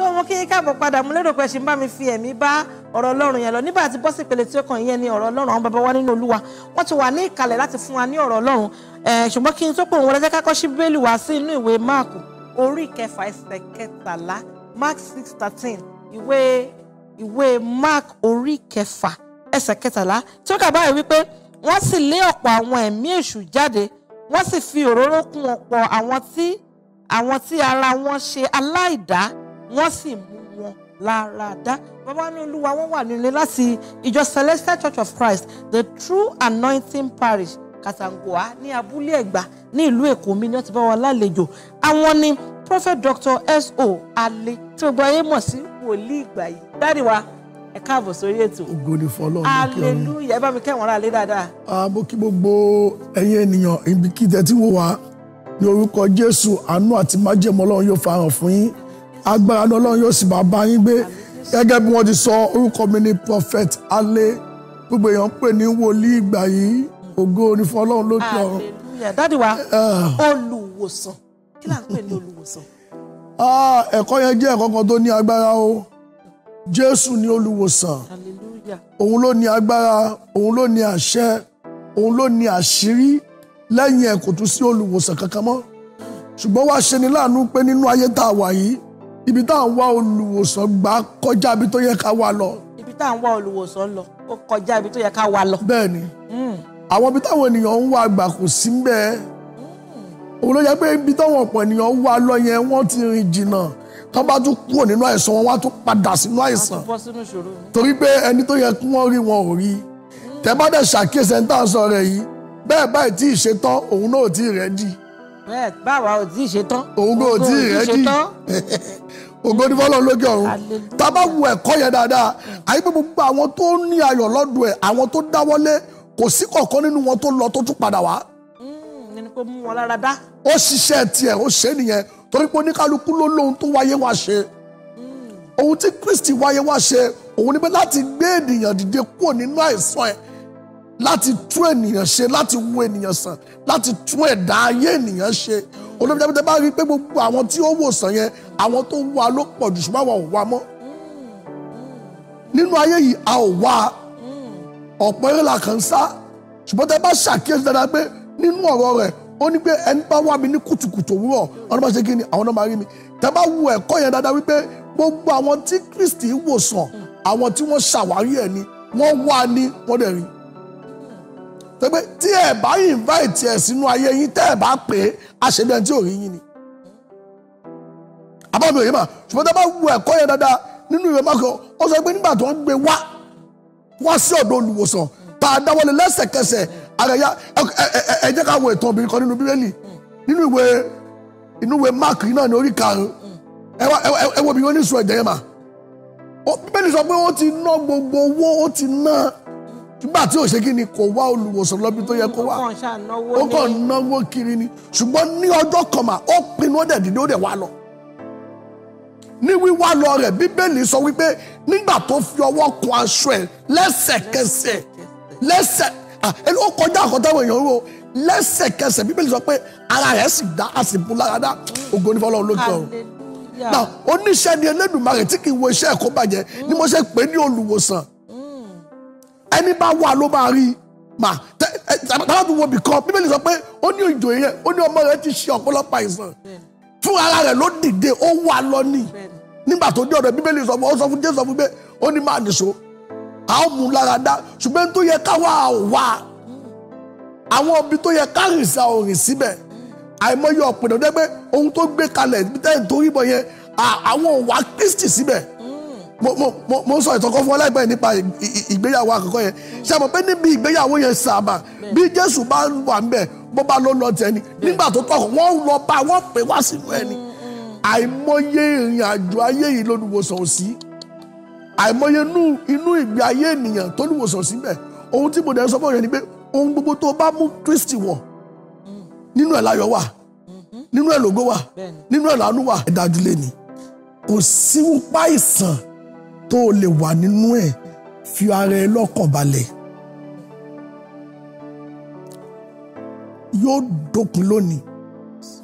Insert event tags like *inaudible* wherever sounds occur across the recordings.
tó wọn kí káàbọ̀ padà mú lérò pé bá mi fi ẹ̀mí bá ọ̀rọ̀ ọlọ́run yẹn lọ nígbà tí bọ́sì ìpele tí ó kàn yẹn ni ọ̀rọ̀ ọlọ́run àwọn bàbá wa nínú olúwa wọ́n ti wà ní ìkàlẹ̀ láti fún wa ní ọ̀rọ̀ ọlọ́run ṣùgbọ́n kí n tó pè wọ́n lọ́jọ́ kákọ́ sí bíbélì wá sí inú ìwé máàkù orí ìkẹfà ẹsẹ̀ kẹtàlá mark six thirteen ìwé ìwé mark orí ìkẹfà ẹsẹ̀ kẹtàlá tí ó kà báyìí wípé wọ́n sì lé ọ̀pọ̀ àwọn ẹ̀mí èṣù jáde wọ́n sì fi òróró kún ọ̀pọ̀ àwọn tí àwọn tí ara wọn ṣe aláìdá wọ́n sì mú wọn láradá bàbá ní olúwa wọn wà nílé láti ìjọ Celestial Church of Christ the True Anointing Parish Katangoa ní abúlé Ẹ̀gbá ní ìlú Èkó mi ní wọ́n ti bá wa lálejò àwọn ni Prophet Dr. S.O. Ale tí gbogbo ayé mọ̀ sí wòlíì ìgbà yìí dáàdi wa ẹ káàbọ̀ sórí ètò. ògo ni fọlọ́ mi kí ọ̀run aleluya ẹ bá mi kẹ́wọ̀n rà lé dáadáa. mo kí gbogbo ẹ̀yin ènìyàn ibi kí tẹ́tí wò wá ní orúkọ Jésù àánú àti májẹ̀mọ́ Ọlọ́run yóò farahàn fún yín agbára lọ́lọ́run yóò sì máa bá yín gbé gẹ́gẹ́ bí wọ́n ti sọ orúkọ mi ni prophet ale gbogbo èèyàn ń pè ní wòlíì ìgbà yìí ògo ni fún ọlọ́run lókè ọ̀run. dádì wa ah. olùwòsàn kí là ń pè ní olùwòsàn. Ah, ẹ̀kọ́ yẹn jẹ́ ẹ̀kọ́ kan tó ní agbára o jésù ni olùwòsàn òun ló ní agbára òun ló ní àṣẹ òun ló ní àṣírí lẹ́yìn ẹ̀ kò sí olùwòsàn kankan mọ́ ṣùgbọ́n wá ṣe ni láàánú pé nínú ayé tá a wà yìí ibi tá à ń wá olùwòsàn gbà kọjá ibi tó yẹ ká wá lọ. ibi tá à ń wá olùwòsàn lọ ó kọjá ibi tó yẹ ká wá lọ. bẹ́ẹ̀ni hmm. àwọn ibi táwọn ènìyàn ń wá gbà kò sí bẹ́ẹ̀ hmm. òun ló yẹ pé ibi táwọn ọ̀pọ̀ ènìyàn ń wá lọ yẹn wọ́n ti rìn jìnnà tó bá tún kúrò nínú àìsàn wọn wá tún padà sínú àìsàn torí pé ẹni tó yẹ kí wọ́n rí wọn ò rí hmm. tẹ́ bá dẹ̀ ṣàkíyèsí ẹni tá à ń sọ rẹ̀ yìí bẹ́ẹ̀ báyìí tí ì ṣe tán òun náà ò tí ì rẹ́dì. bẹ́ẹ̀ báwa ò tí ì ṣe tán. òun náà ò tí ì rẹ́dì. *laughs* ògo ni fọlọ́ lókè ọ̀run tá a bá wo ẹ̀kọ́ yẹn dáadáa àyè pé gbogbo àwọn tó ní ayọ̀ lọ́dọ̀ ẹ̀ àwọn tó dáwọ́lé kò sí kọ̀ọ̀kan nínú wọn tó lọ tó tún padà wá. Hmm, ẹni kò mú wọn lára dá. ó ṣiṣẹ́ tiẹ̀ ó ṣe nìyẹn torí pé oníkálukú ló lóhun tó wáyé wá ṣe hmm. ohun tí Kristi wáyé wá ṣe òun ni pé láti gbé ènìyàn dìde kúrò nínú àìsàn ẹ̀ láti tún ènìyàn ṣe láti wo ènìyàn sàn láti tún ẹ̀dá ayé ènìyàn ṣe olóòjá pé tẹ bá rí i pé gbogbo àwọn tí ó wòsàn yẹn àwọn tó ń wá ló pọ̀ jù ṣùgbọ́n àwọn ò wá mọ́ nínú ayé yìí a ò wá ọ̀pọ̀ eré la kàn ń sá ṣùgbọ́n tẹ bá ṣàkíyèsí dáadáa pé nínú ọ̀rọ̀ rẹ̀ ó ní pé ẹni bá wá mi ní kùtùkùtù òwúrọ̀ ọdún máa ṣe kí ni àwọn náà máa rí mi tẹ bá wo ẹ̀kọ́ yẹn dáadáa wípé gbogbo àwọn tí Kristi wòsàn àwọn tí wọ́n ṣàwárí ẹ̀ ni wọ́n wá ní wọ́n tẹ́gbẹ́ tí ẹ bá invite ẹ sínú ayé yín tẹ́ ẹ bá pè é àṣẹbí ẹni tí ò rí yín ni. àbá mi ò yé mà ṣùgbọ́n tẹ́ bá wo ẹ̀kọ́ yẹn dáadáa nínú ìwé mọ́kọ́ ó sọ pé nígbà tó ń gbé wá wá sí ọ̀dọ̀ olùwòsàn tá a dáwọ́lé lẹ́sẹ̀kẹsẹ̀ ara ya ẹ jẹ́ ká wo ìtàn obìnrin kan nínú bíbélì nínú ìwé inú ìwé mark náà ní orí karùn-ún ẹ wo obìnrin oníṣòwò ẹ̀jẹ̀ yẹn mà bíbélì sọ pé ó ti ná gbogbo owó ó ti ná nígbà tí ò ṣe kí ni kò wá olùwòsàn lọ́bí tó yẹ kó wá ó kàn náwó kiri ni ṣùgbọ́n ní ọjọ́ kan mà ó pinnu ó dẹ̀ dìde ó dẹ̀ wá lọ. ní wíwá lọ rẹ̀ bíbélì sọ wípé nígbà tó fi ọwọ́ kan aṣọ ẹ̀ lẹ́sẹ̀kẹsẹ̀ lẹ́sẹ̀ ẹni ó kọjá àkọ́tàwọn èèyàn wo lẹ́sẹ̀kẹsẹ̀ bíbélì sọ pé ara rẹ̀ sì dá a sì bu lára dá ògo ní fọlọ́run lókè ọ̀run náà oníṣẹ́ ni Elédùmarè tí kì í wo iṣẹ́ ẹ̀kọ́ bàjẹ́ ni mo ṣe pè é ní olùwòsàn ẹni bá wà ló máa rí mà táwọn tó wo bìkan bíbélì sọ pé ó ní ìjòyè yẹn ó ní ọmọ rẹ ti ṣe ọ̀pọ̀lọpọ̀ àìsàn fún ara rẹ ló dìde ó wà lọ ní nígbà tó dé ọ̀dọ̀ bíbélì sọ fún ó sọ fún jésù fún pé ó ní máa nìṣó a ó mú lára dá ṣùgbọ́n tó yẹ ká wà wá àwọn ibi tó yẹ ká sí àwọn rìn síbẹ̀ àìmọye ọ̀pìnà dẹ́gbẹ́ ohun tó gbé kalẹ̀ nítorí ìbọn yẹn àwọn òwà kristi síbẹ̀ mo mo mo sọ ìtọ́kọ́ fún ọ láìpẹ́ nípa ìgbéyàwó àkọ́kọ́ yẹn ṣe mọ̀ pé níbi ìgbéyàwó yẹn sàmà bí Jésù bá wà ń bẹ̀ bó bá ló lọ tẹni nígbà tó tọkọ wọ́n lọ bá wọ́n pè wá sínú ẹni mm-hmm. àìmọye ìrìn àjò ayé yìí lólùwòsàn ò sí àìmọye inú ìgbé ayé ènìyàn tó lùwòsàn síbẹ̀ ohun tí mo dẹ̀ sọ fún ọ̀rẹ́ ni pé ohun gbogbo tó bá mú Kristi wọ̀ mm-hmm. nínú ẹ̀ láyọ̀ wà mm-hmm. nínú ẹ̀ lógo wà nínú ẹ̀ lánú wà ẹ̀dájú lé ni kò síwúpa ìsàn tó o lè wà nínú ẹ̀ fi ara ẹ lọ́kàn balẹ̀. yóò dópin lónìí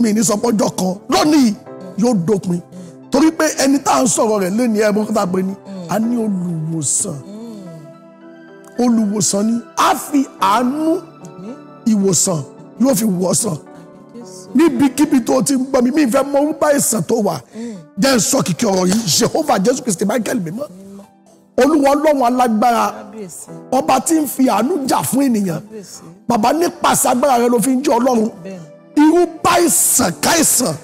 mi ní sọ pọ́jọ́ kan lónìí yóò dópin torí pé ẹni tá à ń sọ̀rọ̀ rẹ̀ lónìí ẹ̀ mọ́kútà pé ni a ní olùwòsàn olùwòsàn ni a fi àánú ìwòsàn yóò fi wòsàn níbikíbi tó ti ń gbọ́ mi mi fẹ́ mọ orúkọ àìsàn tó wà jẹ́ ń sọ kìkì ọ̀rọ̀ yìí Jehovah Jésù Kristi Michael mímọ́ olúwa ọlọ́run alágbára ọba tí ń fi àánú jà fún ènìyàn bàbá nípasẹ̀ agbára rẹ ló fi ń jẹ́ ọlọ́run irú báìsàn káìsàn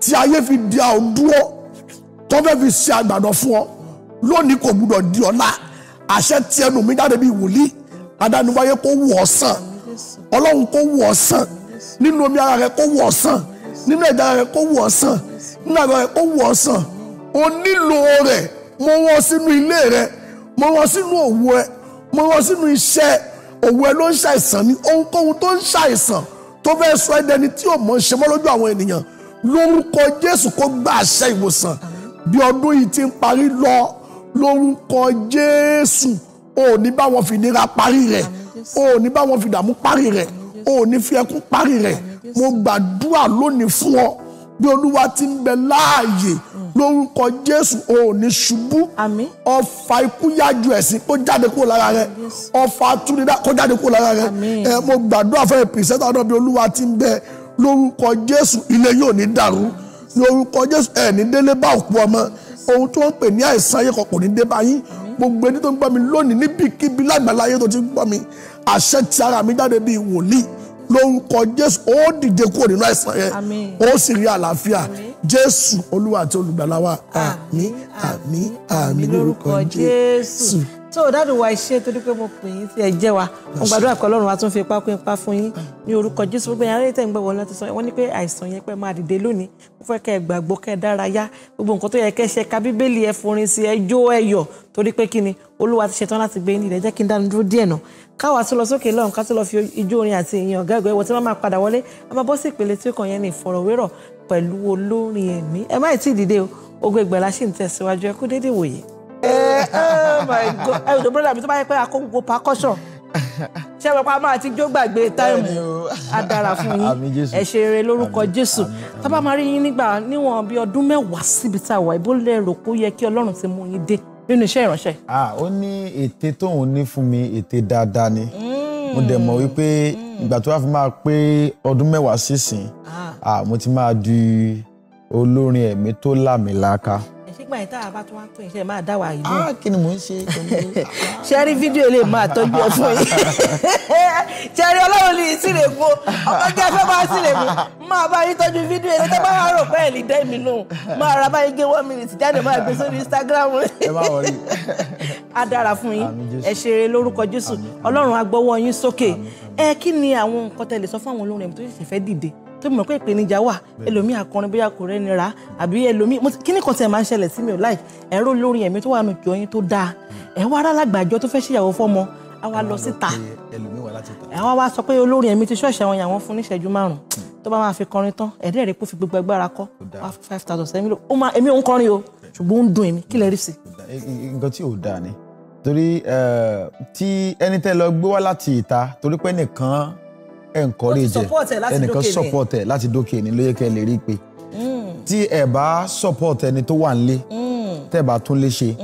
tí ayé fi di àdúró tó fẹ́ fi ṣe àgbàdo fún ọ lónìí kò gbúdọ̀ di ọ̀la àṣẹ tí ẹnu mi jáde bíi wòlíì adániwáyé kó wù ọ́ sàn ọlọ́run kó wù ọ́ sàn nínú omi ara rẹ kó wọ̀ ọ̀sán nínú ẹ̀dá rẹ kó wọ̀ ọ̀sán nínú ara rẹ kó wọ̀ ọ̀sán o nílò rẹ̀ mo wọ́n sínú ilé rẹ mo wọ́n sínú òwò ẹ mo wọ́n sínú iṣẹ́ òwò ẹ ló ń ṣàìsàn ní ohunkóhun tó ń ṣàìsàn tó fẹ́ sọ ẹ́ dẹni tí ò mọ̀ ṣe mọ́ lójú àwọn ènìyàn lórúkọ Jésù kó gba àṣẹ ìwòsàn bí ọdún yìí ti ń parí lọ lórúkọ Jésù ò ní bá wọn fìnira parí rẹ̀ ò ní bá wọn fìdààmú parí rẹ̀ o ò ní fi ẹkún parí rẹ̀ mo gbàdúrà lónìí fún ọ bí olúwa ti ń bẹ láàyè mm. lórúkọ jésù o ò ní ṣubú ọfà ikú yájú ẹ̀sìn kó jáde kúrò lára rẹ ọfà atúndínlá kó jáde kúrò lára rẹ ẹ mo gbàdúrà fún ìpìsẹ́tà náà bí olúwa ti ń bẹ lórúkọ jésù ilé yóò ní dàrú lórúkọ jésù ẹ ní délé bá òkú ọmọ ohun tó ń pè ní àìsàn ayé kọ̀ọ̀kan ní dé báyìí gbogbo ẹni tó ń gbọ́ mi lónìí níbikíbi lágbàláyé tó ti ń gbọ́ mi àṣẹ ti ara mi jáde bíi wòlíì lórúkọ jésù ó dìde kúrò nínú àìsàn yẹn ó sì rí àlàáfíà jésù olúwa àti olùgbàlà wa àmín àmín lórúkọ jésù tó dáàdù wa iṣẹ́ torí pé mo pè yín tí ẹ wa mo gbàdúrà pé ọlọ́run wa tún fi ipá kún ipá fún yín ní orúkọ jésù gbogbo yẹn aráyé tẹ̀ ń gbẹ̀wọ̀ lọ́tí sọ wọ́n ní pé àìsàn yẹn pé máa dìde lónìí mo fẹ́ kẹ́ ẹ gbàgbọ́ kẹ́ ẹ dárayá gbogbo nǹkan tó yẹ kẹ́ ẹ ṣe ka bíbélì ẹ forin sí ẹ jó ẹ yọ̀ torí pé kí ni olúwa ti ṣetán láti gbé nílẹ̀ jẹ́ kí n dánu dúró díẹ̀ náà káwa tó lọ sókè lọ́run ká tó lọ fi ijó orin àti ìyìn ọ̀gá ẹ̀gbẹ́ tí wọ́n máa padà wọlé a máa bọ́ sí ìpele tí ó kàn yẹn ní ìfọ̀rọ̀wérọ̀ pẹ̀lú olórin ẹ̀mí ẹ má ì tí ì dìde o Ògo Ìgbàlà ṣì ń tẹ̀síwájú ẹ kú déédéé wòye. Eh, oh my god ẹ ọ̀dọ̀ brọ́dà mi tó bá yẹ pé akóńgò percussion ṣé wọn pa máa ti jó gbàgbé táìmù á dára fún yín ẹ ṣe eré lórúkọ jésù tá bá máa rí yín nígbà níwọ̀n bíi ọdún mẹ́wàá síbi tá a wà ìbò lérò kó yẹ kí ọlọ́run ti mú yín dé nínú iṣẹ́ ìránṣẹ́. ó ní ète tóun ní fún mi ète dáadáa ni mm. mo dẹ̀ mọ̀ wípé mm. ìgbà tó wá fi máa pé ọdún mẹ́wàá sísìn ah. mo ti máa di olórin ẹ̀mí tó lámìlaka. Mm nígbà yìí tá a bá tún wá pè ṣe máa dá wa yìí. ah kí ni mò ń ṣe pẹ̀lú. ṣẹ́rí fídíò lè máa tọ́jú *laughs* ẹ fún yín ṣẹ́rí ọlọ́run ní ìsìlẹ̀kù ọkọ jẹ́ fẹ́ máa sílẹ̀kù máa bá yín tọ́jú fídíò yìí tẹ́ bá wà rò pé ẹ̀lì dẹ́mi nù máa ra báyìí gé one minute jáde máa gbé sórí Instagram. ẹ má wọrí. *laughs* a dára fún yín ẹ ṣeré lórúkọ Jésù ọlọ́run á gbọ́wọ́ yín sókè ẹ kí ni àwọn nǹkan tẹ́ lè sọ fún àwọn olórin ẹ̀mí tó ṣẹ̀ṣẹ̀ fẹ́ dìde tó mọ̀ pé ìpèníjà wà ẹlòmíì akọrin bóyá kò rẹ́ni rà àbí ẹlòmíì kíní kan tí ẹ máa ń ṣẹlẹ̀ sí mi ò láì ẹ̀rọ olórin ẹ̀mí tó wà nù jọ yín tó dáa ẹ̀ wá rárá gbàjọ tó fẹ́ ṣèyàwó fọ́mọ á wá lọ síta ẹ̀ wá wá sọ pé olórin ẹ̀mí ti ṣọ́ọ̀ṣì àwọn yàwọn fún níṣẹ́jú márùn hmm. tó bá máa fi kọrin tán ẹ̀dẹ́ rẹ̀ kó fi gbogbo agbára kọ́ five thousand seven ó máa èmi òun kọrin o ṣùgbọ́n ó ń dùn èmi kí lẹ rí sí. nǹkan tí ò dáa ni torí tí ẹni tẹ́ lọ gbé wá láti ìta torí pé nìkan encourage ẹnìkan support ẹ láti dókè ní ló yẹ kẹ́ lè rí pé tí ẹ bá support ẹni tó wà nílé tẹ́ bá tún lè ṣe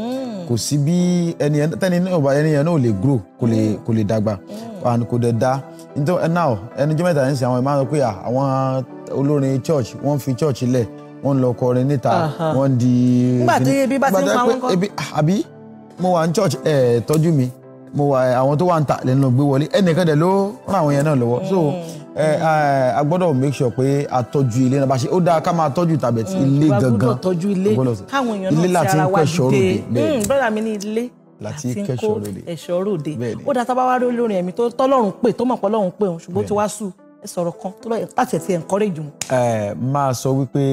kò sí bí ẹni tẹ́ni náà ẹni yẹn náà lè grow kò lè kò lè dàgbà and kò dẹ̀ da nítorí now ẹni jẹ́ mẹ́ta ní sìn àwọn ìmáà sọ pé àwọn olórin church wọ́n fi church lẹ̀ wọ́n lọ kọrin níta wọ́n di. nígbà tí ebi bá ti ń pa wọn kọ́. àbí mo wà ní church ẹ̀ tọ́jú mi mo wà àwọn tó wà ń tà lẹ́nu gbé wọlé ẹnìkan dẹ̀ ló ràn àwọn yẹn náà lọ́wọ́ so hmm. a gbọ́dọ̀ make sure pé a ilé náà bá ṣe ó dáa ká máa tọ́jú tàbí hmm. ilé gangan tọ́jú ilé káwọn èèyàn náà ti ara wa dìde hmm, brọ́dà mi ní ilé láti kẹ́ṣọ́ ròde ẹ̀ṣọ́ ròde ó dáa tá wá rí ẹ̀mí tó tọ́lọ́run pè tó mọ̀ pọ́lọ́run pè òun ṣùgbọ́n tó wá sùn ẹ sọ̀rọ̀ kan tó lọ́yẹ̀ láti ẹ̀tì encourage máa sọ wípé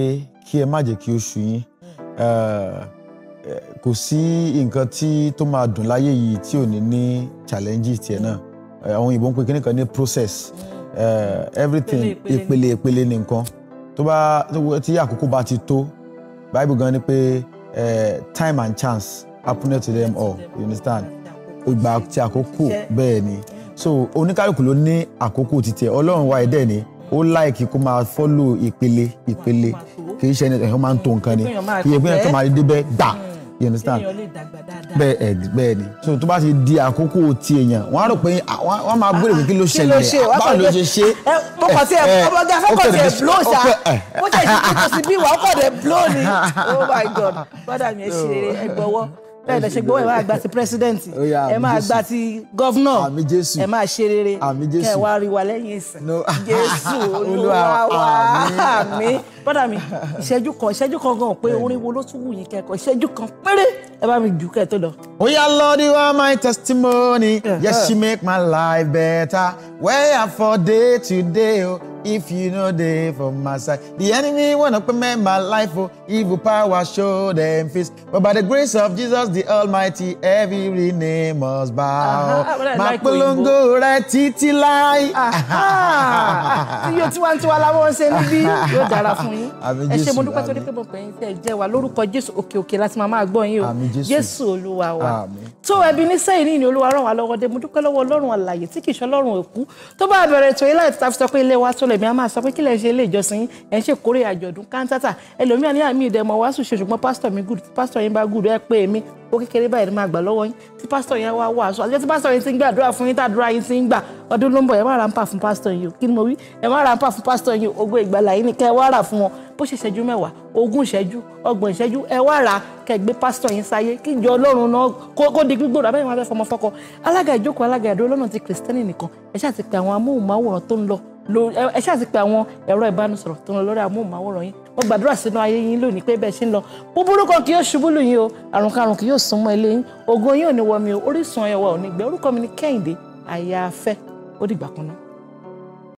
kí ẹ má jẹ́ kí ó ṣù yín kò sí nǹkan tí tó máa dùn láyé yìí tí ò ní ní challenges tiẹ̀ náà àwọn òyìnbó ń pè kí ní process everything ìpele ìpele ní nǹkan tó bá tí àkókò bá ti tó Bible gan ni pé time and chance happen to them all you understand ìgbà tí àkókò bẹ́ẹ̀ ni so oníkálukú ló ní àkókò títẹ̀ ọlọ́run wa ẹ̀dẹ̀ ni ó láìkí kó máa fọ́lò ìpele ìpele kì í ṣe ẹni ẹ̀hún máa ń tó nǹkan ni kì í ṣe pé ẹni tó máa dé bẹ́ẹ̀ gbà you understand bẹ́ẹ̀ bẹ́ẹ̀ ni so tó bá ti di àkókò ti èèyàn wọ́n á rò pé wọ́n máa gbèrè pé kí ló ah, ah, ṣẹlẹ̀ báwo ló ṣe ṣe. mo kàn sí ẹ ọmọdé afẹ́kọ̀ sí ẹ blow ṣá mo ṣe ìṣètò sí bí wà ó dé blow ni *laughs* oh my god bọ́dà mi ẹ ṣe ẹ gbọ́wọ́ bẹ́ẹ̀ lẹ ṣe gbọ́ ẹ máa gba ti pírẹsidẹ́ǹtì ẹ máa gba ti gọ́fúnọ̀ ẹ máa ṣe rere kẹ wá rí wa lẹ́yìn ìsìn jésù *laughs* olúwa wa bọ́dà mi ìṣẹ́jú kan ìṣẹ́jú kan gan pé orin wo ló tún wù yín kẹ́kọ̀ọ́ ìṣẹ́jú kan péré ẹ bá mi jù kẹ́ tó lọ. oya Lord you are my testimony yes you make my life better. Where for day to day, oh, if you know day for my side. The enemy wanna permit my life, oh, evil power show them face. But by the grace of Jesus the Almighty, every name must bow. Máa polongo rẹ̀ títí láì. Tí yóò tiwa tiwa láwọn ṣe níbí yóò dára fún yín. Ẹ ṣé mo dúpẹ́ torí pé mo pè yín tẹ̀ jẹ́ wa lórúkọ Jésù òkè òkè láti máa máa gbọ́ yín o. Jésù Olúwa wa. Tó ẹbí ní sẹ́yìn ní ìní Olúwa ràn wá lọ́wọ́ dé, mo dúpẹ́ lọ́wọ́ Ọlọ́run àlàyé tí kì í ṣe Ọlọ́run òkú tó bá bẹ̀rẹ̀ ètò yìí láti ta fi sọ pé ilé wa tó lẹ̀mí a máa sọ pé kílẹ̀ ṣe ilé ìjọsìn ẹ̀ ń ṣèkórè àjọ̀dún kántátà ẹlòmíà ní àmì ìdẹ̀mọ̀ wàásù ṣe ṣùgbọ́n pásítọ̀ mi gùd pásítọ̀ yín bá gùd ẹ pé mi ó kékeré báyìí ni máa gbà lọ́wọ́ yín tí pásítọ̀ yẹn wá wàásù àti tí pásítọ̀ yín ti ń gbàdúrà fún yín tàdúrà yín ti ń gbà ọdún ló ń bọ̀ ẹ má ra ń pa fún pásítọ̀ yín o kí ni mo wí ẹ má ra ń pa fún pásítọ̀ yín o ògo ìgbàlà yín ni kẹ́ ẹ wá rà fún wọn bó ṣe ṣẹ́jú mẹ́wàá ogún ìṣẹ́jú ọgbọ̀n ìṣẹ́jú ẹ wá ra kẹgbẹ́ pásítọ̀ yín sáyé kí ìjọ ọlọ́run náà kó di gbígbòrò abẹ́yẹn wọn fẹ́ fọmọ fọkọ alága ìjókòó alága ìdúró lọ́nà ti kìrìsìtẹ́nì nìkan ẹ ṣáà ti pe àwọn amóhùnmáwòrán tó ń lọ ẹ ṣáà ti pe àwọn ẹ̀rọ ìbánisọ̀rọ̀ tó ń lọ lórí amóhùnmáwòrán yín wọ́n gbàdúrà sínú ayé yín lónìí pé bẹ́ẹ̀ ṣe ń lọ búburú kan kì yóò ṣubú lù yín o àrùn karùn kì yóò sún mọ́ ilé yín ògo yín ò ní wọmi o orísun ẹwà ò ní gbẹ orúkọ mi ni Kẹ́hìndé àyàfẹ́ ó dìgbà kan náà.